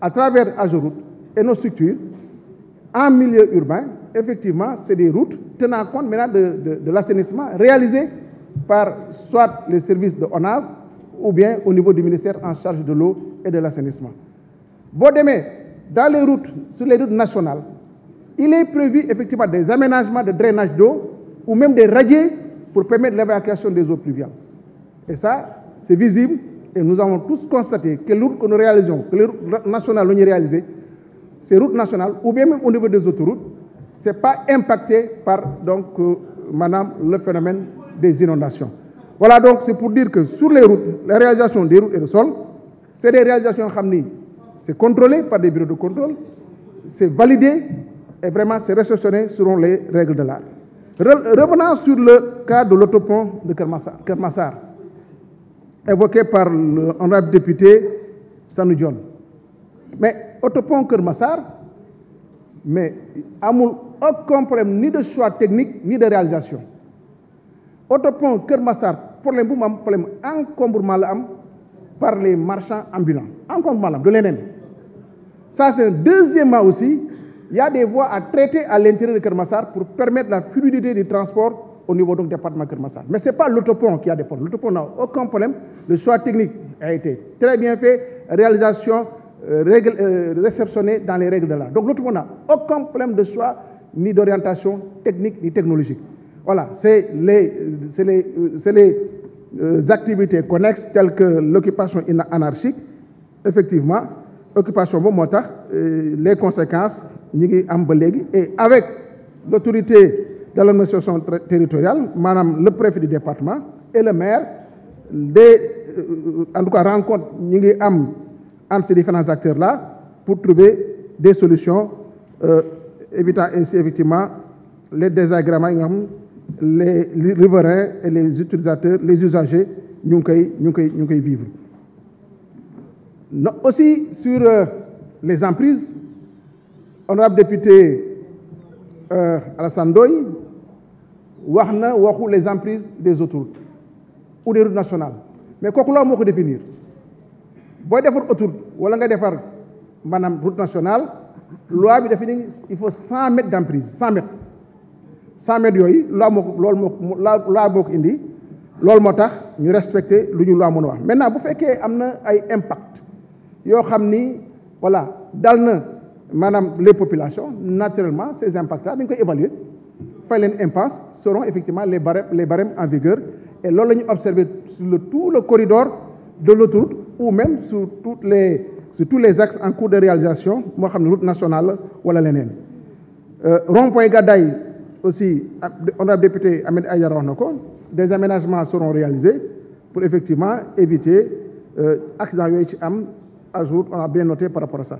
À travers Agéroute et nos structures, en milieu urbain, effectivement, c'est des routes tenant compte maintenant de, de, de l'assainissement réalisé par soit les service de ONAS ou bien au niveau du ministère en charge de l'eau et de l'assainissement. Bon, demain, dans les routes, sur les routes nationales, il est prévu effectivement des aménagements de drainage d'eau ou même des radiers pour permettre l'évacuation des eaux pluviales. Et ça, c'est visible et nous avons tous constaté que les routes que nous réalisons, que les routes nationales nous réalisées, ces routes ou bien même au niveau des autoroutes, ce n'est pas impacté par donc, euh, le phénomène des inondations. Voilà donc, c'est pour dire que sur les routes, la réalisation des routes et des sols, c'est des réalisations c'est contrôlé par des bureaux de contrôle, c'est validé et vraiment c'est réceptionné selon les règles de l'art. Revenant sur le cas de l'autopont de Kermassar, évoqué par l'honorable député Sanou John. Mais autopont Kermassar, mais amul aucun problème ni de choix technique ni de réalisation. Autopont Kermassar, problème bu mu am problème encombrement la am par les marchands ambulants encombrement la am du leneen ça c'est un deuxièmement aussi il y a des voies à traiter à l'intérieur de Kermassar pour permettre la fluidité du transport au niveau donc département Kermassar. Mais ce n'est pas l'autopont qui a des problèmes. L'autopont n'a aucun problème. Le choix technique a été très bien fait. Réalisation euh, euh, réceptionnée dans les règles de la Donc l'autopont n'a aucun problème de choix ni d'orientation technique ni technologique. Voilà, c'est les, les, les euh, activités connexes telles que l'occupation anarchique, effectivement, occupation boobu moo tax euh, les conséquences ñi ngi am ba léegi et avec l'autorité de l'administration territoriale maanaam le préfet du département et le maire des euh, en tout cas rencontre ñi ngi am entre ces différents acteurs là pour trouver des solutions euh, évitant ainsi effectivement les désagréments yi nga xam les riverains et les utilisateurs les usagers ñu ngi koy ñu ngi koy ñu ngi koy vivre Non, aussi sur euh, les emprises, honorable député euh, Alassane Ndoye wax na waxu les emprises des autoroutes ou des routes nationales mais kooku loo moo ko définir booy defar autoroute wala nga defar maanaam route nationale loi bi dafa ni il faut cent mètres d'emprise cent yooyu loi moo ko loolu moo boo ko indi loolu moo tax ñu respecter lu ñu loi mën a wax maintenant bu fekkee am na ay impact yoo xam ni voilà dal na maanaam les populations naturellement ces impacts là dañ koy évaluer fay leen impasse seront effectivement les barèmes les barèmes en vigueur et loolu la ñu observé sur le tout le corridor de l'autoroute ou même sur toutes les sur les axes en cours de réalisation moo xam ne route nationale wala leneen euh, rond-point Gadaye aussi honorable député Ahmed Aïdara wax na ko des aménagements seront réalisés pour effectivement éviter euh, accident yooyu ci am à jour, on a bien noté par rapport à ça.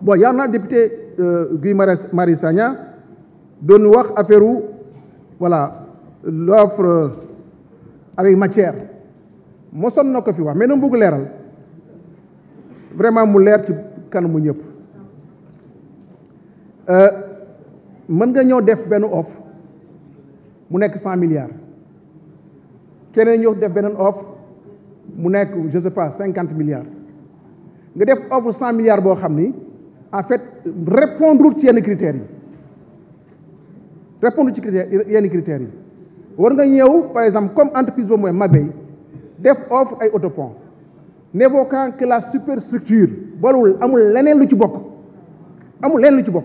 Bon, il y en a le député euh, Guy Marie Sagna, de nous voir affaire où, voilà, l'offre euh, avec matière. Moi, ça ne fi mais nous voulons l'air. Vraiment, nous l'air quand nous n'y mën nga ñëw def benn offre mu nekk cent milliards keneen ñëw def beneen offre mu nekk je sais pas cinquante milliards nga def offre cent milliards boo xam ni en fait répondre ci yenn critères yi répondre ci critères yenn critères yi war nga ñëw par exemple comme entreprise ba mooy Mabey def offre ay autopont n'évoquant que la superstructure bolwul amul leneen lu ci bokk amul leneen lu ci bokk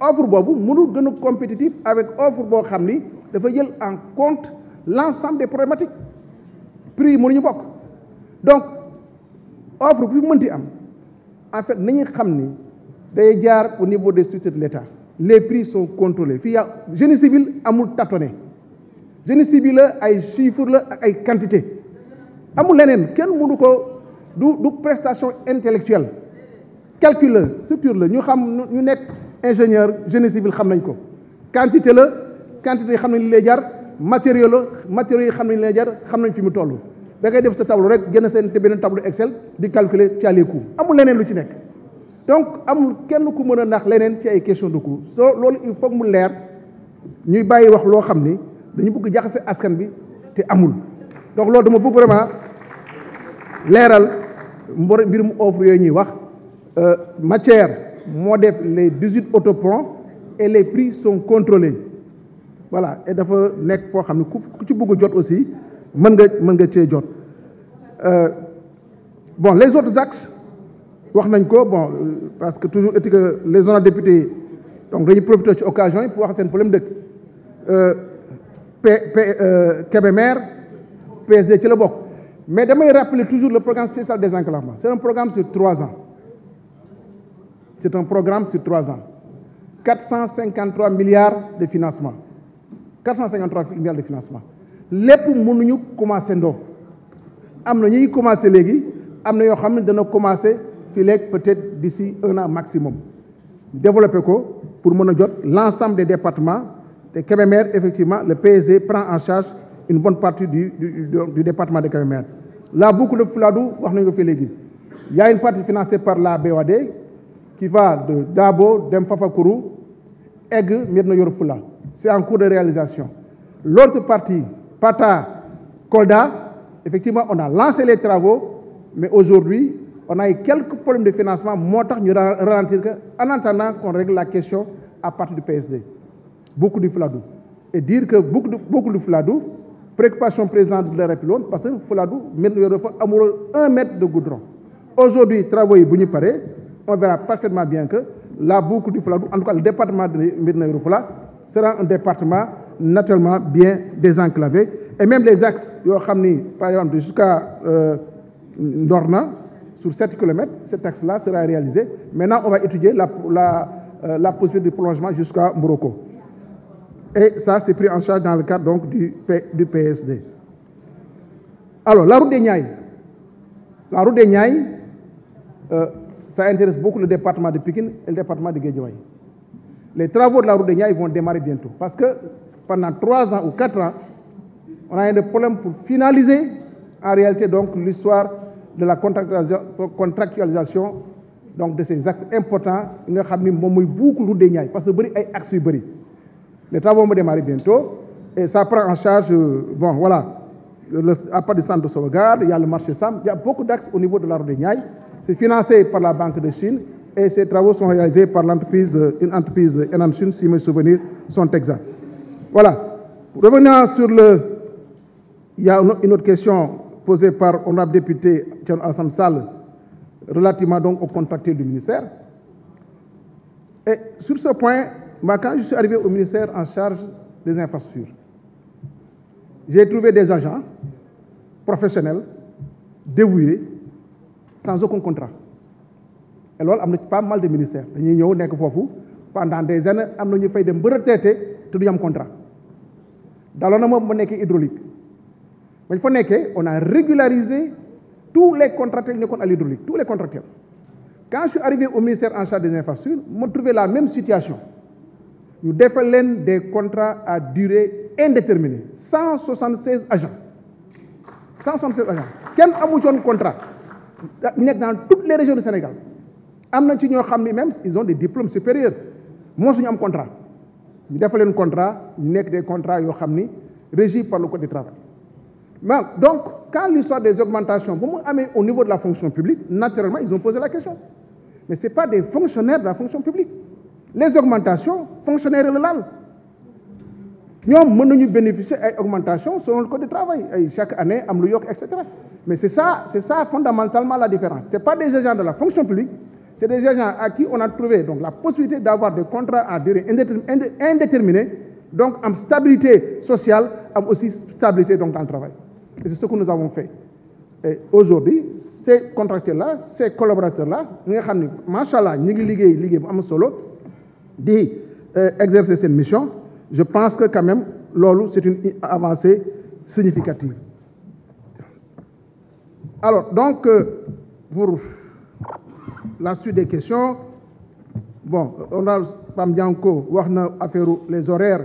offre boobu mënul gën a compétitif avec offre boo xam ni dafa jël en compte l'ensemble des problématiques prix yi mënuñu bokk donc offre bu mënti am en fait nañu xam ni day jaar au niveau des structures de l'État les prix sont contrôlés fii yaa génie civil amul tâtonné génie civil la ay chiffres la ak ay quantité amul leneen kenn mënu ko du du prestation intellectuelle calcul la structure la ñu xam ñu nekk ingénieur génie civil xam nañ ko quantité la quantité yi xam nañ li lay jar matériaux la matériaux yi xam nañ li lay jar xam nañ fi mu toll da ngay def sa tableau rek génn seen te beneen tableau Excel di calculer ci les coûts amul leneen lu ci nekk donc amul kenn ku mën a nax leneen ci ay question de coût soo loolu il faut mu leer ñuy bàyyi wax loo xam ni dañu bëgg jaxase askan bi te amul donc loolu dama bëgg vraiment leeral mbir mu offre yooyu ñuy wax euh, matière moo def les dix-huit autoponts et les prix son contrôlés voilà et dafa nekk foo xam ne ku ci bëgg jot aussi mën nga mën nga cee jot Euh, bon les autres axes wax nañ ko bon parce que toujours est que les honorables députés donc dañuy profité ci occasion yi pour wax seen problème dëkk euh, P P euh, Kébémer PSD ci la bokk mais damay rappeler toujours le programme spécial des désenclavement c'est un programme sur trois ans c'est un programme sur trois ans quatre cent cinquante trois de financement quatre cent cinquante trois milliards de financement lépp mënuñu commencer ndoo am na ñuy commencé léegi am na yoo xam ne dana commencé fii léegi peut-être d'ici un an maximum développé ko pour mën a jot l'ensemble des départements te Kébémer effectivement le PSE prend en charge une bonne partie du du, du, du de Kébémer la boucle de Fouladou wax nañu ko fii léegi y une partie financée par la BOAD qui va de Dabo dem Fafacourou egg Médina Yoro Foulah c'est en cours de réalisation l'autre partie Pata Kolda Effectivement, on a lancé les travaux, mais aujourd'hui, on a eu quelques problèmes de financement, montant nous ralentir en attendant qu'on règle la question à partir du PSD. Beaucoup du Fladou. Et dire que beaucoup de, beaucoup de Fladou, préoccupation présente de la République, parce que Fladou, amoureux un mètre de goudron. Aujourd'hui, travaux et on verra parfaitement bien que la boucle du Fladou, en tout cas le département de Mirna sera un département naturellement bien désenclavé. et même les axes yoo xam ni par exemple jusqu'à euh, Ndorna sur 7 kilomètres cet axe la sera réalisé maintenant on va étudier la la euh, la possibilité de prolongement jusqu'à Morocco et ça c'est pris en charge dans le cadre donc du P, du PSD la route des Niayes euh, ça intéresse beaucoup le département de Pikine et le département de Guédiawaye les travaux de la route des Niayes vont démarrer bientôt parce que pendant trois ans ou quatre ans On a eu des problèmes pour finaliser en réalité donc l'histoire de la contractualisation donc de ces axes importants nga xam ni moom mooy boucle route des Niayes parce que bëri ay axes yu bëri les travaux vont démarrer bientôt et ça prend en charge euh, bon voilà le à part du centre de sauvegarde il le marché Sam il y a beaucoup d'axes au niveau de la route des c'est financé par la Banque de Chine et ces travaux sont réalisés par l'entreprise euh, une entreprise euh, Enan Chine si sont exacts voilà Il y a une autre question posée par honorable député Tian Assam Sall relativement donc aux contactés du ministère. Et sur ce point, moi, quand je suis arrivé au ministère en charge des infrastructures, j'ai trouvé des agents professionnels, dévoués, sans aucun contrat. Et loolu am na pas mal de ministères dañuy ñëw nekk foofu pendant des années am na ñu fay dem ba retraité te du ñu am contrat daloo na moom mu nekk hydraulique bañ fa nekkee on a régularisé tous les contractuels nekkoon à l'hydraulique tous les contractuels quand je suis arrivé au ministère en charge des infrastructures ma trouvé la même situation ñu defal leen des contrats à durée indéterminée cent soixante seize agents cent soixante seize kenn amu ci contrat ñu nekk dans toutes les régions du Sénégal am na ci ñoo xam ni même ils ont des diplômes supérieurs moo suñu am contrat ñu defal leen contrat ñu nekk des contrats yoo xam ni régis par le code Même, donc, quand l'histoire des augmentations, pour de la fonction publique, naturellement, ils ont posé la question. Mais ce n'est pas des fonctionnaires de la fonction publique. Les augmentations, fonctionnaires le LAL. Nous pouvons bénéficier d'augmentations selon le code du travail. Et chaque année, à etc. Mais c'est ça, c'est ça fondamentalement la différence. Ce pas des agents de la fonction publique, c'est des agents à qui on a trouvé donc, la possibilité d'avoir des contrats à durée en stabilité sociale, en aussi stabilité donc, dans le Et c'est ce que nous avons fait. Et aujourd'hui, ces contracteurs-là, ces collaborateurs-là, nous savons, machallah, nous avons solo, di euh, exercer cette mission. Je pense que quand même, lolo, c'est une avancée significative. Alors, donc, euh, pour la suite des questions, bon, on a na affaire les horaires,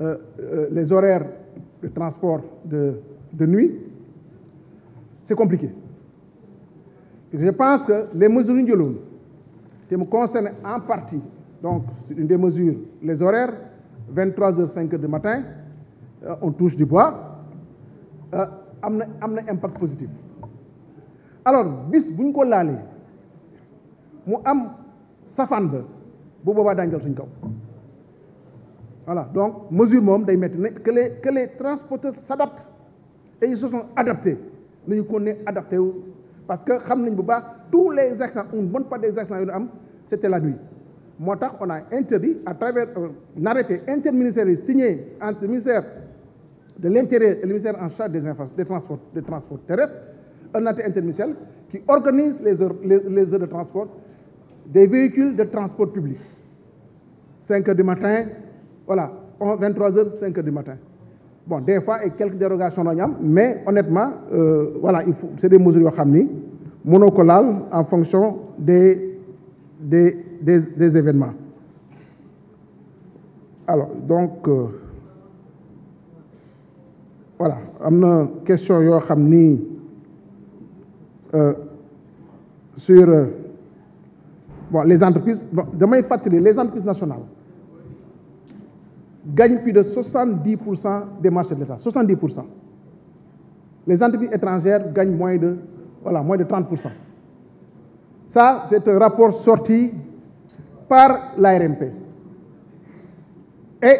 euh, les horaires transport de, de nuit, c'est compliqué. je pense que les mesures de qui me concernent en partie, donc une des mesures, les horaires, 23h05 du matin, euh, on touche du bois, euh, a un impact positif. Alors, bis buñ ko laalee mu am safaan ba bu boobaa daañu dal suñ kaw voilà donc mesure moom day metti ne que les que les transporteurs s'adaptent et ils se sont adaptés nañu kon ne adapté wu parce que xam nañ bu baax tous les accidents une bonne part des accidents am c'était la nuit moo tax on a interdit à travers un euh, arrêté interministériel signé entre le ministère de l'intérieur et le en charge des infrastructures des transports des transports terrestres un arrêté interministériel qui organise les heures les, les heures de transport des véhicules de transport public 5 heures du voilà vingt-trois cinq heures du matin bon des fois et quelques dérogations la ñu am mais honnêtement euh, voilà il faut c'est des mesures yoo xam ni mënoo ko laal en fonction des des des des événements alors donc euh, voilà am na question yoo xam ni euh, sur euh, bon les entreprises bon damay fàttali les entreprises nationales gagnent plus de 70 pour cent des marchés de l'État pour cent les entreprises étrangères gagnent moins de voilà moins de 30 pour cent ça c'est un rapport sorti par l'ARMP et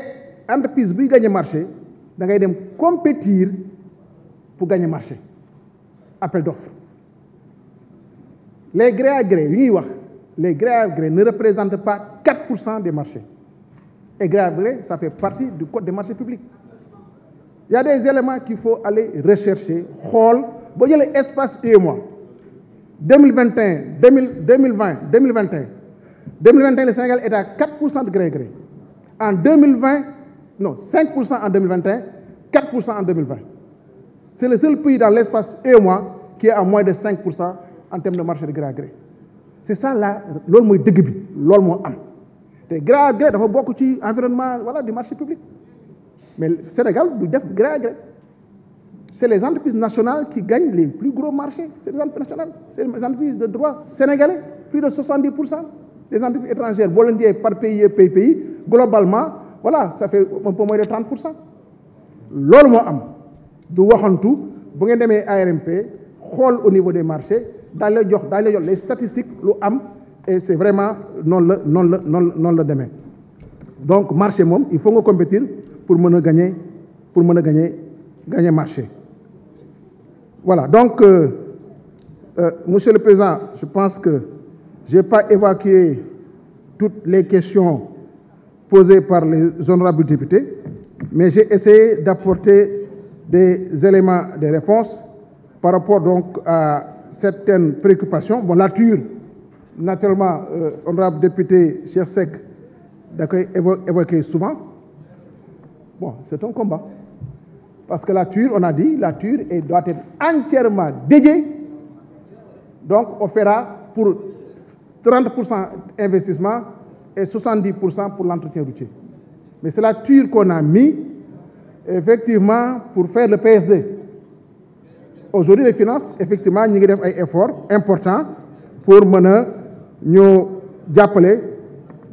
entreprise buy gagner marché dangay ngay dem compétir pour gagner marché appel d'offres les gré à gré yu ñuy wax les gré à gré ne représentent pas pour cent des marchés est gravé, ça fait partie du code des marchés publics. Il y a des éléments qu'il faut aller rechercher. Hall, bon, il y a l'espace UEMOA. 2021, 2000, 2020, 2021. 2021, le Sénégal est à 4% de gré gré. En 2020, non, 5% en 2021, 4% en 2020. C'est le seul pays dans l'espace UEMOA qui est à moins de 5% en termes de marché de gré à gré. C'est ça là, l'homme de Gibi, l'homme am. te gré à gré dafa bokk ci environnement wala du marché public mais Sénégal du def gré à gré c'est les entreprises nationales qui gagnent les plus gros marchés c'est les entreprises de droit sénégalais plus de 70 pour cent des entreprises étrangères boo par pays pays pays globalement wala ça fait un peu moins de loolu moo am du waxantu bu ngeen demee ARMP xool au niveau des marchés daal lay jox daal lay jox les statistiques lu am et c'est vraiment noonu la noonu la noonu noonu la demee donc marché moom il faut nga compétir pour mën a gagner pour mën a gagner gagner marché voilà donc euh, euh, monsieur le président je pense que j'ai pas évacué toutes les questions posées par les honorables députés mais j'ai essayé d'apporter des éléments de réponse par rapport donc à certaines préoccupations bon la nature naturellement euh, honorable député Cheikh Seck da koy évoqué souvent bon c'est un combat parce que la ture on a dit la ture et doit être entièrement dédiée donc on fera pour 30 pour cent investissement et 70 pour cent pour l'entretien routier mais c'est la ture qu'on a mis effectivement pour faire le PSD aujourd'hui les finances effectivement ñu ngi def ay efforts importants pour mën a ñu jàppale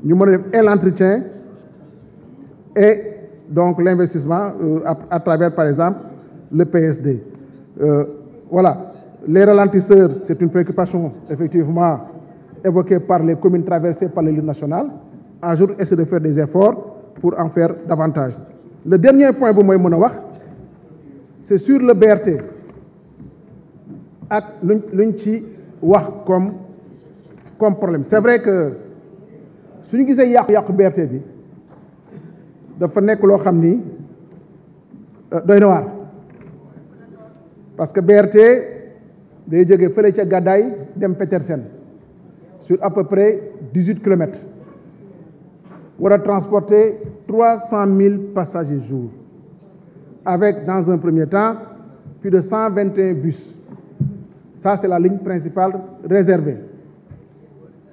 ñu mën a def et l'entretien et donc l'investissement euh, à travers par exemple le PSD euh, voilà les ralentisseurs c'est une préoccupation effectivement évoquée par les communes traversées par les lignes nationales un jour essayer de faire des efforts pour en faire davantage le dernier point bu mooy mën a wax c'est sur le BRT ak lu luñ ci wax comme comme problème c'est vrai que suñu gisee yàqu-yàqu BRT bi dafa nekk loo xam ni euh, doy na waar parce que BRT day jóge fële ca Gadaye dem Petersen sur à peu près dix-huit kilomètres war a transporter trois cent mille passagers jour avec dans un premier temps plus de cent vingt et un bus ça c'est la ligne principale réservée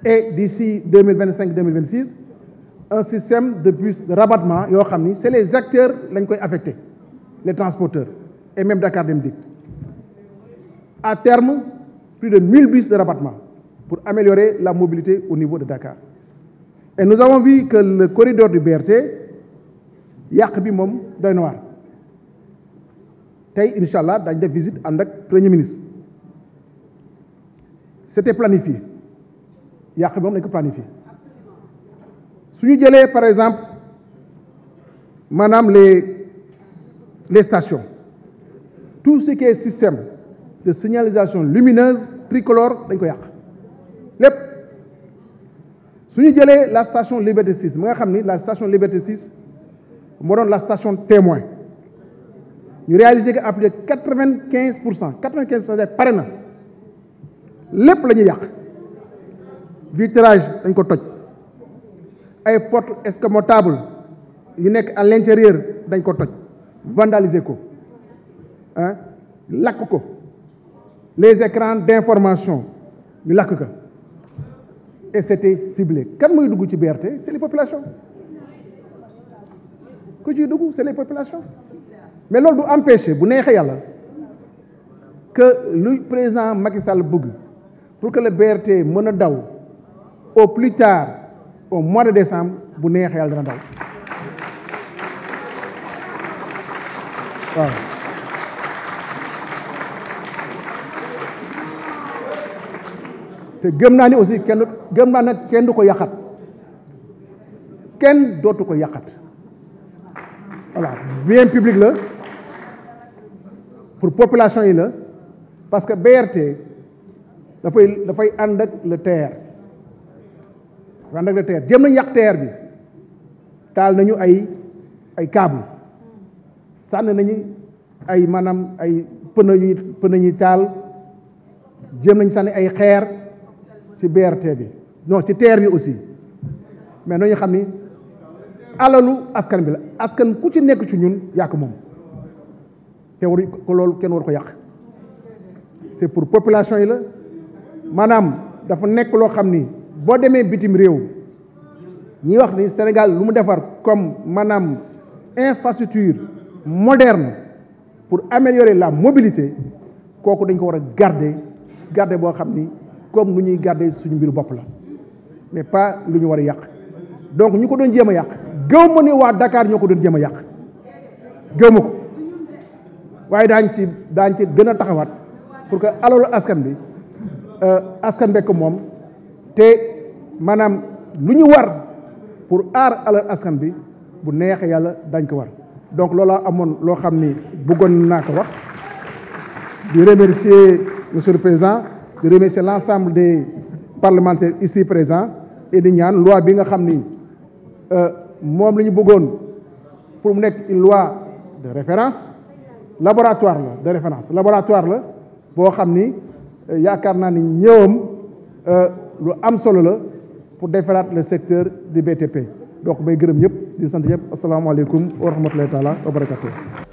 et d'ici 2025 2026 un système de bus de rabattement yoo xam ni c'est les acteurs lañ koy affecté les transporteurs et même Dakar Dem Dikk à terme plus de 1000 bus de rabattement pour améliorer la mobilité au niveau de Dakar et nous avons vu que le corridor du BRT yàq bi moom doy na tey incha allah dañ def visite ànd ak premier ministre c'était planifié yàq bi moom lañ ko planifié su ñu jëlee par exemple maanaam les les stations tout ce qui est système de signalisation lumineuse tricolore dañ ko yàq lépp su ñu jëlee la station Liberté 6 mi nga xam ni la station Liberté 6 moo doon la station témoin ñu réalisé ko à plus vingt quinze pour cent quatre vingt quinze pour cent pare na lépp la ñuy yàq. vitrage dañ ko toj ay porte escamotable yu nekk à l'intérieur dañ ko toj vandaliser ko ah lakk ko les écrans d'information ñu lakk ko et c'était cible kan mooy dugg ci BRT c'est les populations ku ciy dugg c'est les populations mais loolu du empêcher bu neexee yàlla que lu président Macky Sall bëgg pour que le BRT mën a daw au plus tard au mois de décembre bu neexee yàlla dana daw te gëm naa ni aussi kenn gëm naa nag kenn du ko yàqat kenn dootu ko yàqat voilà bien public la pour population yi la parce que BRT dafay dafay ànd ak le TER ànd ak la TER jéem nañu yàq TER bi taal nañu ay ay câble sànn nañu ay maanaam ay pën yu pneu ñuy taal jéem nañu sànni ay xeer ci BRT bi non ci TER bi aussi mais nañu xam ni alalu askan bi la askan ku ci nekk ci ñun yàq moom te waru ko loolu kenn waru ko yàq c'est pour population yi la maanaam dafa nekk loo xam ni boo demee bitim réew ñuy wax ni Sénégal lu mu defar comme maanaam infrastructure moderne pour améliorer la mobilité kooku dañ ko war a garder garde boo xam ni comme lu ñuy garder suñu mbiru bopp la mais pas lu ñu war a yàq donc ñu ko doon jéem a yàq gëw ma ne waa Dakar ñoo ko doon jéem a yàq gëw ko waaye daañ ci daañ ci gën a taxawaat pour que alalu askan bi euh, askan bekk moom te maanaam lu ñu war pour aar alal askan bi bu neexee yàlla dañ ko war donc loolaa amoon loo xam ni bëggoon naa ko wax di remercier monsieur le président di remercier l'ensemble des parlementaires ici présents et di ñaan loi bi nga xam ni euh, moom la ñu bëggoon pour mu nekk une loi de référence laboratoire la de référence laboratoire la boo xam ni euh, yaakaar naa ni ñëwam euh, lu am solo la pour defaraat le secteur du BTP donc may gërëm ñëpp di sant ñëpp asalaamaaleykum wa rahmatulahi taala wa barakatu